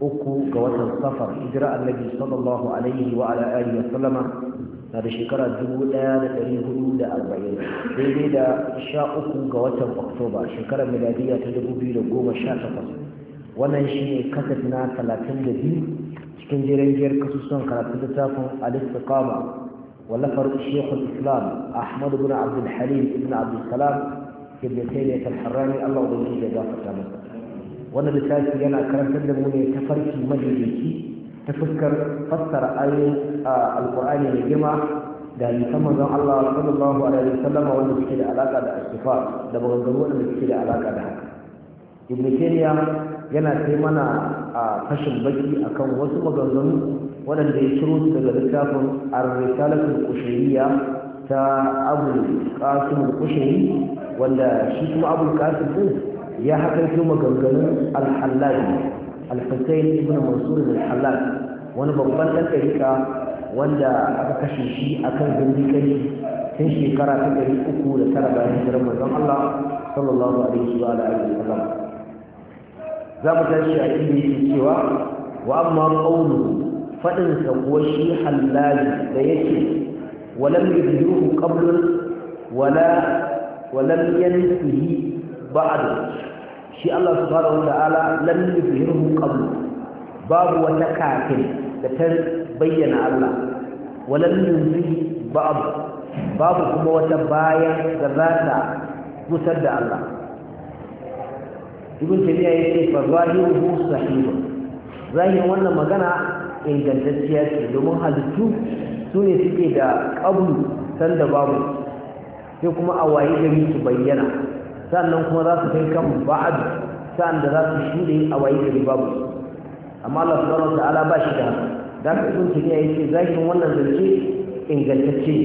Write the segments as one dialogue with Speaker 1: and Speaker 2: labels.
Speaker 1: uku ga watan safar hijira annabi sallallahu alaihi wa ala alihi wa sallama na da shekara 1440 daidai da sha uku ga watan oktoba shekarar miladiya ta 2018 wannan shi ne kasaf na 32 cikin jirangiyar kasusuwan karatun littafin al-istiqama wallafar Shekhu islam ahmad bin abdul halim ibn abdul salam ibn tayyib al-harrani Allah ubangiji ya gafarta masa wannan littafi yana karantar da mu ne ta farki madaidaici ta fuskar fassara ayoyin alkur'ani mai girma da hadisan manzon Allah sallallahu alaihi wasallam wanda suke da alaka da istifa da maganganu wanda suke da alaka da haka ibn kenya yana kai mana a fashin baki akan wasu maganganu waɗanda ya ciro su daga littafin ar-risalatul ta abu qasim al-qushayri wanda shi kuma abu qasim ya haƙaƙo maganganun al-hallaj al-husayn ibn mansur al-hallaj wani babban ɗan ɗariƙa wanda aka kashe shi akan zindiƙari tun shekara ta ɗari uku da tara bayan hijirar manzon Allah sallallahu alaihi wa alihi wa sallam za mu tashi a inda yake cewa wa amma qawlu fadin sa kuwa shi halal da yake walam yudhiruhu qablun wala walam yanfihi ba'd shi Allah subhanahu wata'ala lam yuzhirhu qablu babu wata kafir da ta bayyana Allah walam yuzhi ba'd babu kuma wata bayan da za ta musar da Allah ibn tabiya yace fa zahiruhu sahih zahirin wannan magana ingantacciya ce domin halittu su ne suke da qablu sanda babu sai kuma a waye gari su bayyana sannan kuma za su kai kan ba'ad sa'an da za su shure a waye gari babu amma Allah subhanahu wataala ba shi da haka da ka ibn tabiya yace zahirin wannan zance ingantacce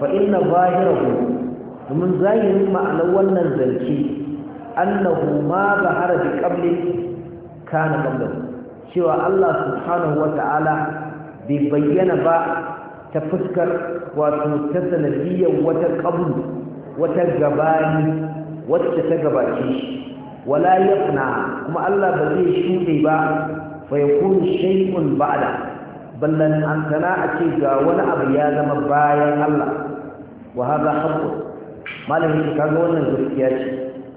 Speaker 1: fa inna zahirahu domin zahirin ma'anar wannan zance annahu ma zahara bi qabli kana qablahu cewa Allah subhanahu wataala bai bayyana ba ta fuskar wato ta sanadiyyar wata qablu wata gabani wacce ta gabace shi wala yafna kuma Allah ba zai shuɗe ba fa yakun shay'un ba'da ballan an tana a ce ga wani abu ya zama bayan Allah wa hada haqqu malamin ka ga wannan gaskiya ce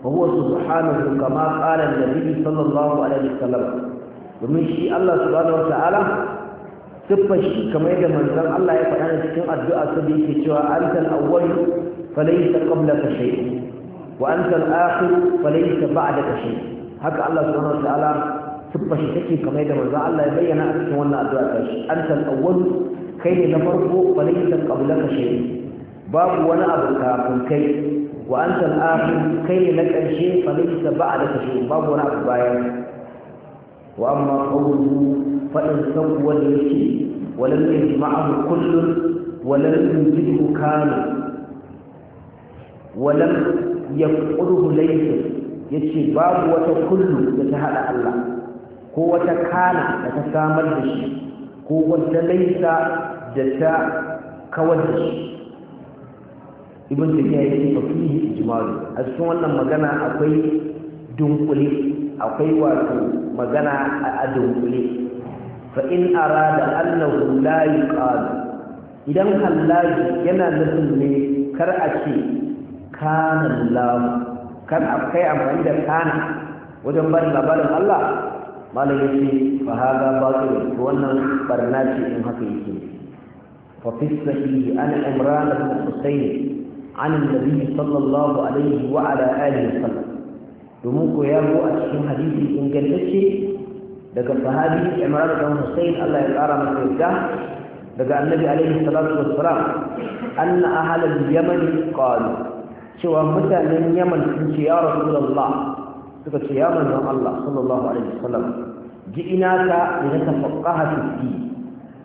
Speaker 1: fa huwa subhanahu kama qala an-nabi sallallahu alaihi wasallam domin shi Allah subhanahu wataala siffar shi kamar yadda manzon Allah ya faɗa cikin addu'a sa da yake cewa antal awwal falaysa qablaka shay'un وأنت الآخر فليس بعدك شيء هكا الله سبحانه وتعالى سبح تكي كما يدعو الله يبين أنت وانا أدعك أنت الأول كي نفرق فليس قبلك شيء باب وانا أبقى كي وأنت الآخر كي لك شيء فليس بعدك شيء باب وانا أبقى وأما قوله فإن سوى اليشي ولم يجمعه كل ولم يجده كامل ولم laifin ya yace babu wata kullu da ta haɗa Allah ko wata kana da ta samar da shi ko wata laisa da ta kawar da shi ibn tafiya yake yi ijmal a cikin wannan magana akwai dunkule akwai wato magana a dunkule fa in arada annahu la yuqal idan hallaji yana nufin ne kar a ce kanan lamu kan kai amfani da kana wajen barin labarin Allah malam ya ce fa haga batil wannan barna ce in haka yake fa fi sahihi an imran ibn husayn عن النبي صلى الله عليه وعلى آله sallam domin ko ya zo a cikin hadisi ingantacce daga sahabi Imran bin Husayn Allah ya tsara masa yadda daga Annabi alaihi salatu wassalam anna ahla al-Yaman qalu cewa mutanen yaman sun ce ya rasulullah suka ce ya manzon Allah sallallahu alaihi wasallam ji ina ka da ka faqaha fi